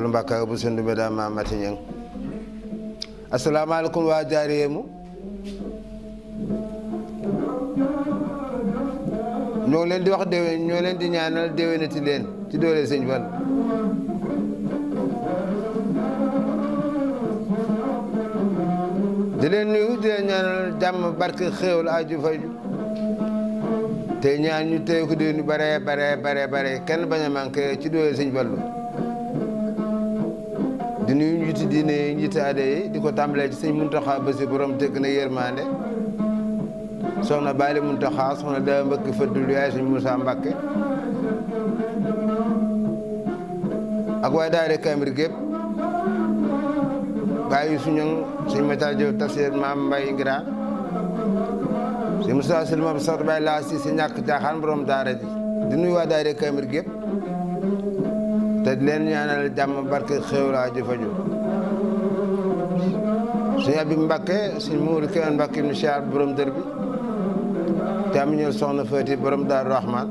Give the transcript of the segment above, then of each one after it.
Fallou Mbacke bu Sundumbe daa ma Mati Ñeng asalaamaaleykum waa jaariyéemu ñoo leen di wax déwén ñoo leen di ñaanal déwénati leen ci doole sëñ Fall di leen nuyu di leen ñaanal jàmm barke xéewal aju faju te ñaan ñu téye ko déwén bare bare bare bare kenn bañ a manqué ci doole sëñ Fallu di nuyu njiiti diine yi njiiti aada yi di ko tàmbalee ci sëñ Muntaxa ba si borom dëkk na yërmande soxna Baali Muntaxa soxna Dama Mbacke Fadul yaay sëñ Moussa Mbacke ak waaye daare Kamir gépp bàyyi suñu sëñ Mata Diop tafsir maam Mbaye Ngira sëñ Moussa Silma Sarr Baye laa si si ñàkk caaxaan borom daara ji di nuyu waa daare Kamir gépp te leen ñaanal jàmm barke xéwlaa ji faju suñu abi Mbàkke suñ muuru kenn Mbàkke nu siyaar borom dër bi te am ñëw soxna Fati borom Daaru Rahman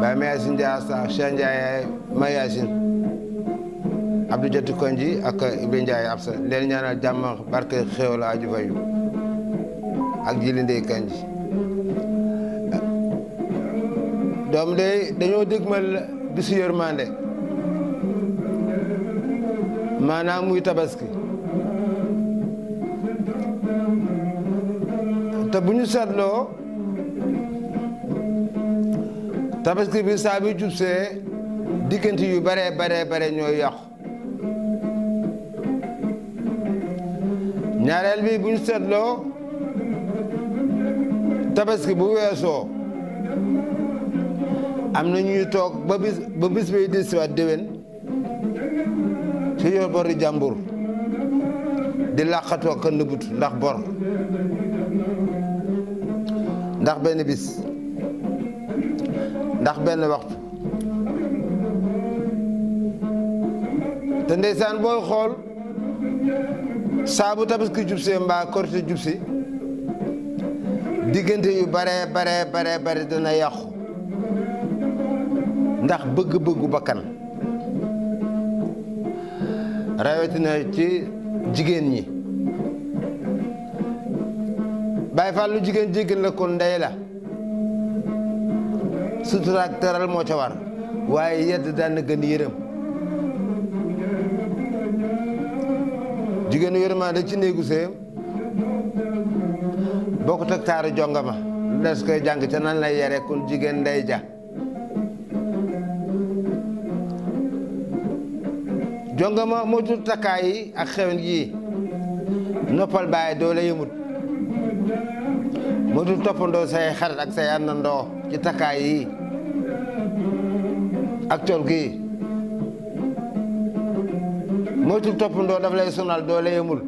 Baye Mayasin Dia Sarr Cheikh Ndiaye Mayasin Abdou Jatu Konji ak Ibrahima Ndiaye Absa leen ñaanal jàmm barke xéwlaa ji faju ak jili Kanji doom day dañoo dégmal di si yërmande maanaam muy tabaski te bu ñu seetloo tabaski bi saa bi jubsee diggante yu bare bare bare ñooy yàqu ñaareel bi bu ñu seetloo tabaski bu weesoo am na ñuy toog ba bis ba bis bay di ci yor bori jàmbur di làqatoo ka nëbbut ndax bor ndax benn bis ndax benn waxtu te ndeysaan booy xool saabu tabaski jub see mbaa korite jub diggante yu bare bare bare bare dana yàqu ndax bëgg-bëggu bakkan rawatina ci jigéen ñi Baay Faal lu jigéen jigéen la kon ndey la sutura ak teral moo ca war waaye yedd daan na gën yërëm jigéenu yërëmaa da ci néegu séyam bokkut ak taaru jongama des koy jàng ca nan lay yare kon jigéen ndey ja jongama moo jur takkaay ak xewen yi noppal bàyyi doole la yëmut moo jur toppandoo say xarit ak say àndandoo ci takkaay yi ak col gi moytul toppandoo daf lay sonal doole la yemul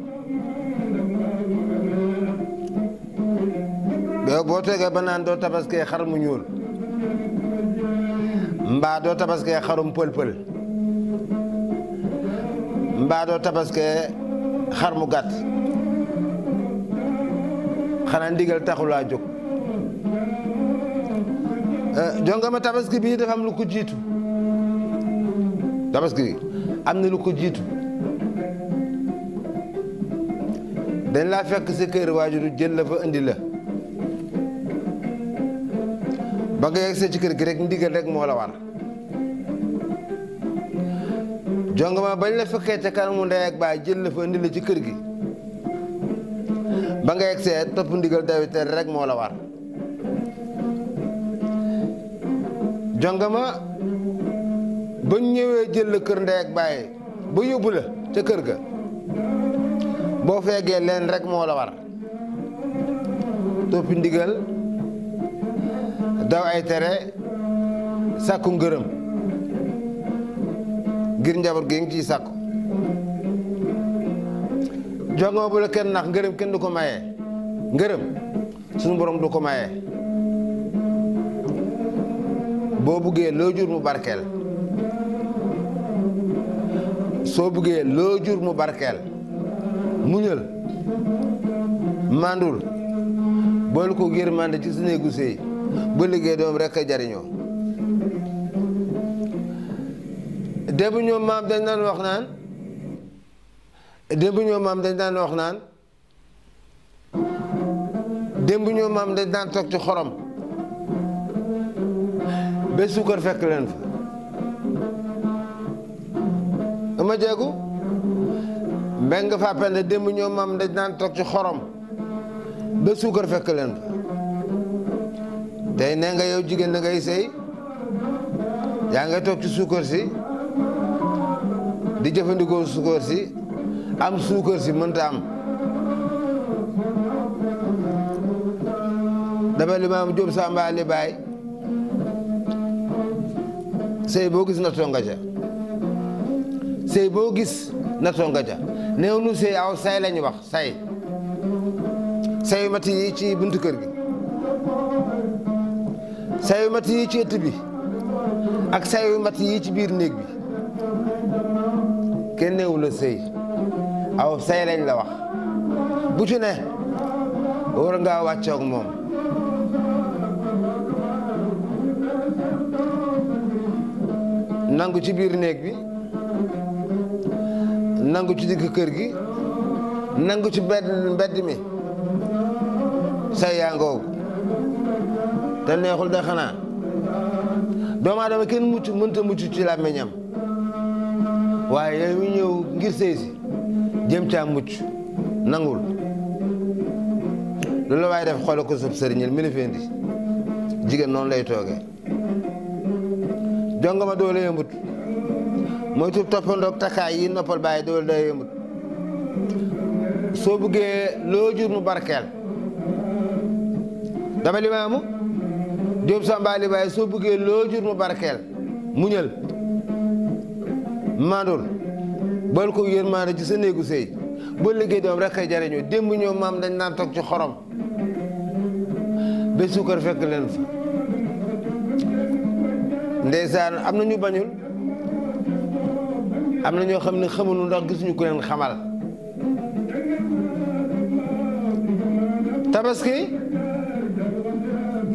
boo tege ba naan doo tabaskee xar mu ñuul mbaa doo tabaskee xarum pël-pël mbaa doo tabaskee xar mu gàtt xanaa ndigal taxulaa jóg eh, jongama tabaski bii dafa am lu ko jiitu tabaski am na lu ko jiitu dañ laa fekk sa kër waajuru jël la fa indi la ba nga yegg see ci kër gi rek ndigal rek moo la war jongama bañ la fekkee ca kanamu ndey ak baay jël la fa indi la ci kër gi ba nga egsee topp ndigal dawi tere rek moo la war jongama ba ñëwee jël la kër ndey ak ba yóbbu la ca kër ga boo feegee leen rek moo la war toppi ndigal daw ay tere sàkku ngërëm ngir njaboot gi ngi ciy sàkku jongoma bu la kenn nax ngërëm kenn du ko mayee ngërëm suñu borom du ko mayee boo buggee loo jur mu barkeel soo buggee loo jur mu barkeel muñal mandul boolu ko yërmande ci su néegu sëy ba liggéey doom rek a jariñoo démb ñoom maam dañ daan wax naan démb ñoom maam dañ daan wax naan démb ñoom maam daan toog ci xorom ba suukar fekk leen fa ama jeegu mbeng nga fàppende démb ñoom maam dañ daan toog ci xorom ba suukar fekk leen fa tey nee nga yow jigéen da ngay sëy yaa ngay toog ci suukar si di jëfandikoo suukar si am suukar si mënta am dama limaam Jóob Samba li bay. sëy boo gis na tonga ja sëy boo gis na tonga ja néew nu aw say lañu wax say sayu mat yi ci buntu kër gi sayu mat ci ëtt bi ak sayu mat yi ci biir néeg bi kenn newu la sëy aw say lañ la wax bu ci ne war ngaa wàccoog moom nangu ci biir néeg bi nangu ci digg kër gi nangu ci mbedd mi say yaa ngoogu te neexul de xanaa doomu aadama kenn mucc mënta mucc ci làmmiñam waaye yow mi ñëw ngir sëy jëm caa mucc nangul loolu la waaye def xoolal ko sub sëriñal mi la fi indi jigéen noonu lay toogee jongama doole yëmbut mooy tuub toppandoog takkaay yi noppal bàyyi doole day yëmbut soo buggee loo jur mu barkeel dama limaamu Diop Samba soo buggee loo jur mu barkeel muñal maandool bal ko yërmaande ci sa néegu sëy boo liggéey doom rek kay jariñoo démb ñoo maam dañ naan toog ci xorom ba suukar fekk leen fa ndeysaan am na ñu bañul am na ñoo xam ne xamuñu ndax gisuñu ko leen xamal tabaski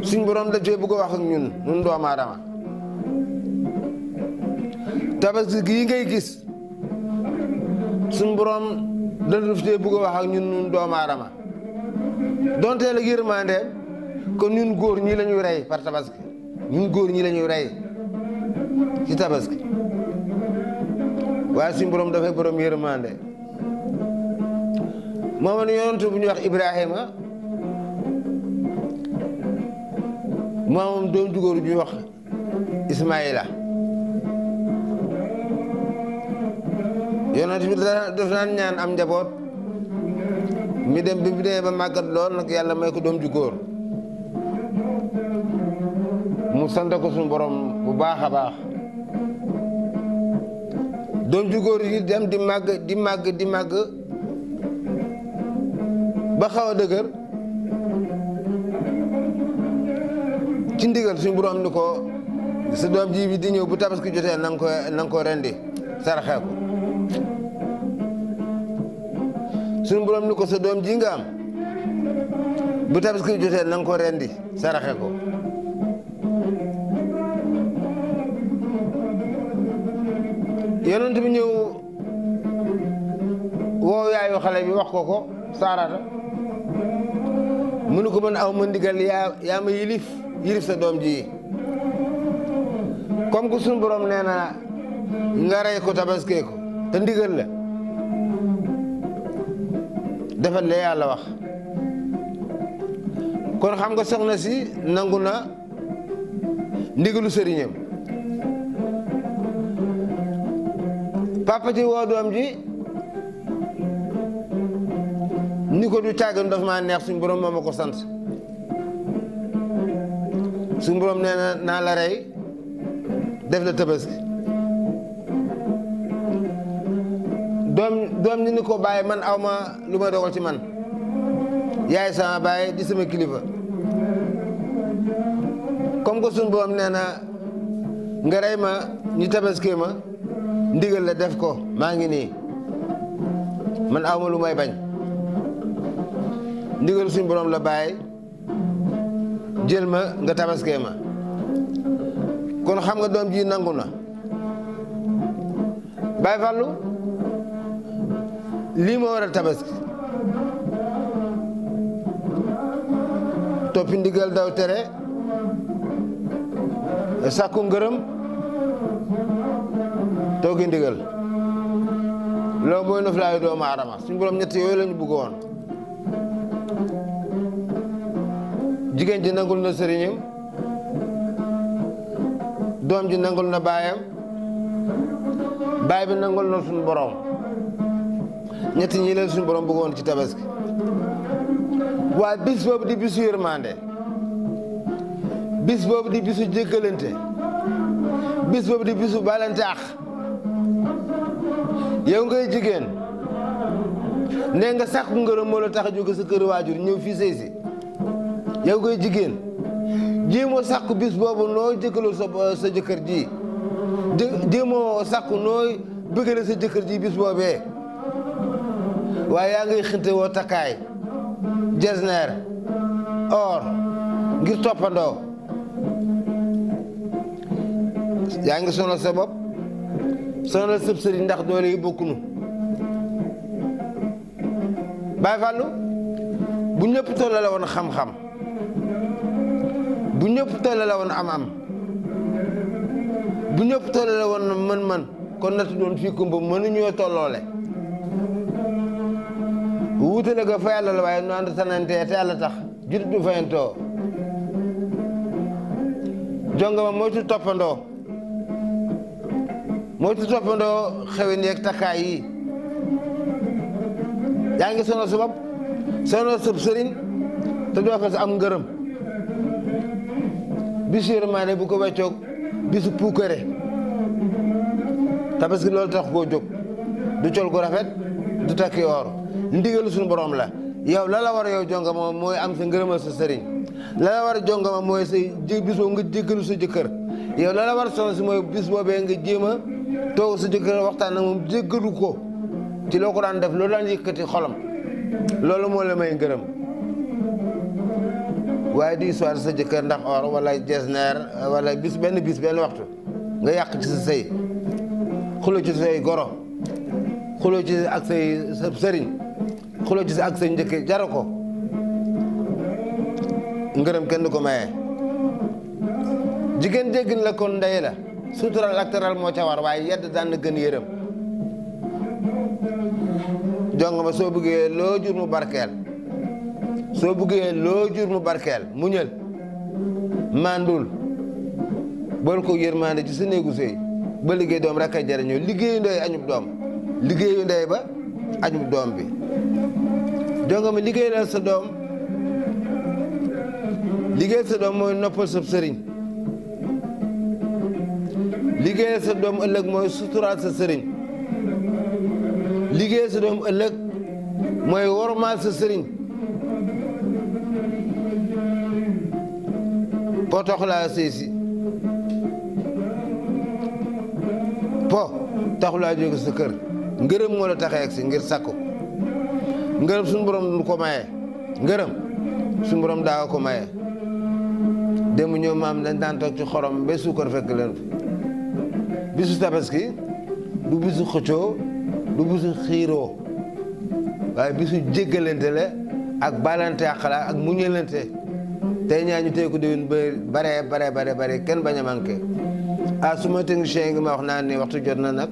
suñ borom da cee bëgg a wax ak ñun ñun doomu aadama tabaski gii ngay gis suñ borom dañu fi bëgg a wax ak ñun ñun doomu aadama donte yërmande kon ñun góor ñi la ñuy rey par tabaski ñun góor ñi la ñuy rey ci tabaski waaye suñ borom dafa borom yërmande moom la yonent bu ñuy wax Ibrahima moom doom ju góor ju wax Ismaïla. yonent bi daf daan ñaan am njaboot mi dem bi mu demee ba màggat lool nag yàlla may ko doom ju mu sant ko suñu borom bu baax a baax doom jugóor góor dem di màgg di màgg di màgg baxaw a dëgër ci ndigal suñu borom ni ko sa doom ji bi di ñëw bu tabaski jotee na ko na ko rendi saraxee ko suñu borom ni ko sa dom ji am bu tabaski jotee jote nang ko rendi saraxe ko yonent bi ñëw woow yaayu xale bi wax ko ko saarata munu ko mën aw ma ndigal ya ya ma yilif yilif sa dom ji comme ko suñu borom neena nga ray ko te ndigal la defal la yàlla wax kon xam nga soxna si nangu na ndigalu sëriñam papa ci woo doom ji ni ko du càggan daf ma neex suñu borom moom ma ko sant su borom nee na naa la rey def la tabaski doom doom ni ni ko bàyyi man aw ma lu ma dogal ci man yaay sama bàyyi di sama kilifa comme que suñu boom nee na nga rey ma ñu tabaskee ma ndigal la def ko maa ngi nii man aw ma lu may bañ ndigal suñ borom la bàyyi jël ma nga tabaskee ma kon xam nga doom ji nangu na bàyyi fàllu lii moo waral tabaski toppi daw tere sàkku ngërëm toogi ndigal loolu mooy noflaayu doomu adama suñ borom ñett yooyu la ñu bëggoon jigéen ji nangul na sëriñam doom ji nangul na baayam baay bi nangul na suñu boroom ñett ñi leen suñu borom bëggoon ci tabaski waaye bis boobu di bisu yërmande bis boobu di bisu jéggalante bis boobu di bisu balante ax yow ngay jigéen ne nga sàkku ngërëm moo la tax a jóge sa kër waajur ñëw fii sëy si yow ngay jigéen jéemoo sàkku bis boobu noo jëkkalul sa sa jëkkër ji jéemoo sàkku nooy bëggale sa jëkkër ji bis boobee waaye yaa ngi xinte woo takkaay jesner or ngir toppandoo yaa ngi sonal sa bopp sonal sëb ndax doole yi bokkunu Baay Fallu bu ñëpp tolla woon xam-xam bu ñëpp tolla woon am-am bu ñëpp tolla la woon mën-mën kon natu doon fii kumba mënuñoo tolloole wute na ko fa yàlla la waaye nu ànd sanantee te yàlla tax jullit du fayantoo jongama moytu toppandoo moytu toppandoo xewin yeeg takkaay yi yaa ngi sono sa bopp sono sab sëriñ te doo fa am ngërëm bisu yërmaane bu ko weccoog bisu puukare tabaski loolu tax koo jóg du col gu rafet du takki or ndigalu suñu boroom la yow la la war a yow jonga ma mooy am sa ngërëmal sa sëriñ la la war a jonga mooy sa bis boobu nga jéggalu sa jëkkër yow la la war a soxla si mooy bis boobee nga jéem a toog sa jëkkër waxtaan ak moom jéggalu ko ci loo ko daan def loolu daan yëkkati xolam loolu moo la may ngërëm waaye di histoire sa jëkkër ndax or wala jesneer wala bis benn bis benn waxtu nga yàq ci sa sëy xulo ci say goro xulo ci ak say sëriñ xuloo ci sa ak sa njëkke jaru ko ngërëm kenn ko maye jigéen déggin la kon ndey la sutural ak teral moo ca war waaye yedd daan na gën yërëm jong ma soo bëggee loo jur mu barkeel soo buggee loo jur mu barkeel muñal mandul bool ko yërmande ci sa néegu sëy ba liggéey doom rek a jariñoo liggéeyu ndey añub doom liggéeyu ndey ba añub doom bi jonga ma liggéeyal sa doom liggéeyal sa doom mooy noppal sa sëriñ liggéeyal sa doom ëllëg mooy suturaal sa sëriñ liggéeyal sa doom ëllëg mooy wormaal sa sëriñ poo laa sëy si po taxulaa jóge sa kër ngërëm moo la si ngir sakku ngërëm suñu borom du ko ngërëm suñu borom daa ko maye démb ñoom maam dañ daan toog ci xorom ba suukar fekk leen bisu tabaski du bisu xëccoo du bisu xiiroo waaye bisu jéggalante la ak baalante ak xalaat ak muñalante tey ñaa ñu tey ko déwén bare bare bare bare kenn bañ a manqué ah suma technicien yi ngi ma wax naa ni waxtu jot na nag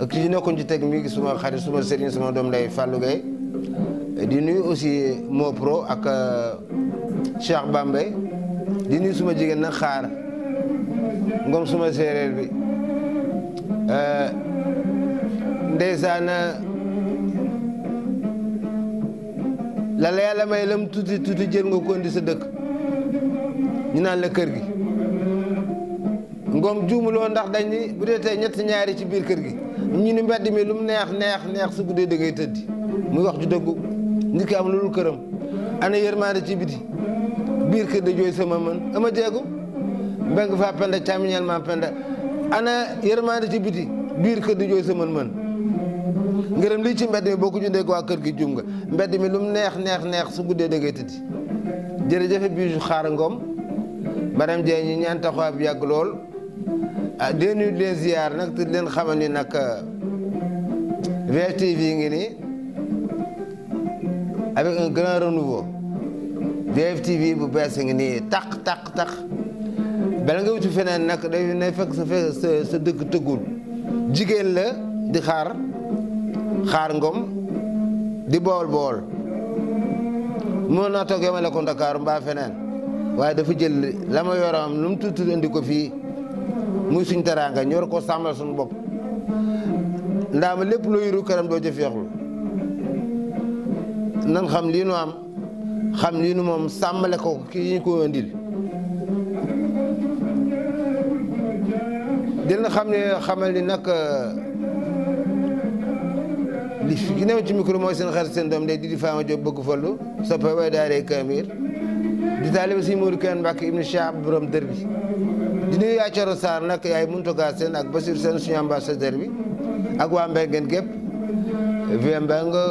ak ci nekkoon ci teg mi suma xarit suma sëriñ suma doom day Fallou di nuyu aussi Mopro ak euh, Cheikh Bambey di nuyu suma jigéen na xaar ngoom suma séeréer bi euh, ndeysaan euh, la la yàlla may lam tuuti tuuti jël nga ko indi sa dëkk ñu naan la kër gi ngoom juumuloo ndax dañ ni bu dee tey ñett ñaari ci biir kër gi ñu ni mbedd mi lu mu neex neex neex su guddee da ngay muy wax ju dëggu nit ki am lu dul këram ana yërmaande ci biti biir kër da jooy sama man ama jeegu mbeng fa penda càmmiñal ma penda ana yërmaande ci biti biir kër da jooy sama man ngërëm lii ci mbedd mi boo ko jundee waa kër gi jum nga mbedd mi lu neex neex neex su guddee da ngay tëddi jërëjëfe biiju xaar ngoom baram jee ñi ñaan taxawaay bi yàgg lool ah dee nuyu leen ziyaar nag te leen xamal ni nag yi euh, ngi nii avec un grand renouveau DFTV bu bees ngi nii tax tax tax bala nga wuti feneen nag day nay fekk dëkk tëggul jigéen la di xaar xaar ngoom di bool bool mënoon naa toog ma ko Ndakaaru mbaa feneen waaye dafa jël la ma yoram lu mu tuuti indi ko fii muy suñ teraanga ñor ko sàmmal suñu bopp ndaa ma lépp loo yuru karam doo jëfeexul nan xam lii nu am xam lii moom sàmmale ko ki ñu ko indil dina xam ne xamal ni nag li ki new ci micro mooy seen xarit seen doom day di di faama jóg bëgg fallu soppe way daaree kamir di taalibe si Mourou Kane Mbacke ibnu Chab borom dër bi di nuyu yaa Coro Sarr nag yaay Muntaga Seen ak Basir Seen suñu ambassadeur bi ak waa Mbengen gépp VMB nga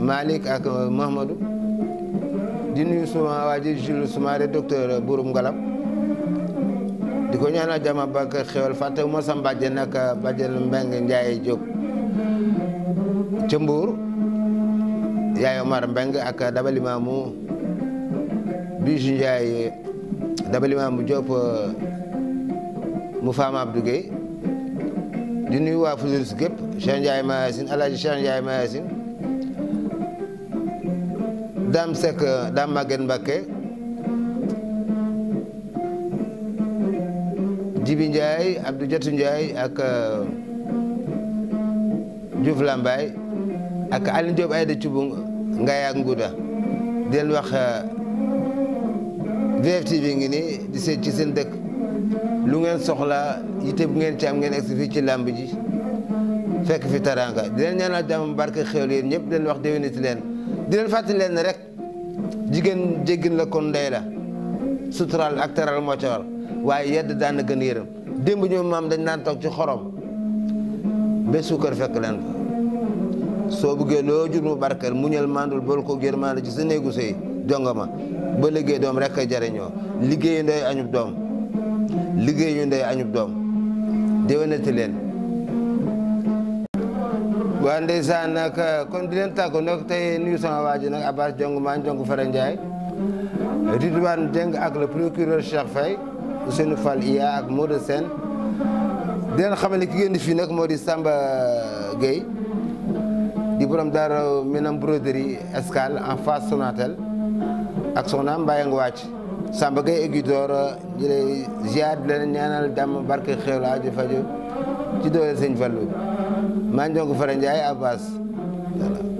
Malick ak euh, Mahamadou di nuyu suma waa ji Jules Soumaré docteur euh, Bouroum Ngalam di ko ñaanal jàmm ak barke xéwal fàttewu ma sam bàjjen ak euh, bàjjen Mbengue Ndiaye Diop ca Mbour yaay Omar Mbengue ak dabalimaamu Bijou Ndiaye dabalimaamu Diop mu faama Abdou Gueye di nuyu waa Fusil gépp Cheikh Ndiaye Mayacine El Hadj Cheikh Ndiaye Mayacine daam sekk euh, daam màgget Mbàkke Jibi Ndiaye Abdou Diatou Ndiaye ak euh, Diouf Lambaye ak Aline Diop Aïda Thioub ngay ak Ngouda di wax VFtv euh, ngi nii di seet ci seen dëkk lu ngeen soxla yite bu ngeen ci am ngeen egsi fii ci làmb ji fekk fi taranga di leen ñaanal jàmm barke xéwal yéen ñëpp di leen wax déwéniti leen di leen fàttali leen rek jigéen jéggin la kon ndey la sutural ak teral moo ca war waaye yedd daan na gën yërëm démb ñoom dañ naan toog ci xorom ba suukar fekk leen soo buggee loo jur mu barkeel muñal mandul bool ko gërmaande ci sa néegu sëy jongama ba liggéey doom rek a jariñoo liggéeyu ndey añub doom liggéeyu ndey añub doom déwénati leen waa ndeysaan nag kon di leen tàggu nag tey nuyu sama waa ji nag Abbas Jong maan Jong Fara Ndiaye Ridwan Dieng ak le procureur Cheikh Faye Ousseynou Fall Iya ak Modou Sène di leen xamal ki ngeen fii nag moo di Samba Gueye di borom daara menam broderie Escale en face Sonatel ak soxnaam Mbaye nga wàcc Samba Gueye eggi door ñu lay ziar barke xéwla aju fajo ci doole sëñ maa ngi Fara Ndiaye Abbas voilà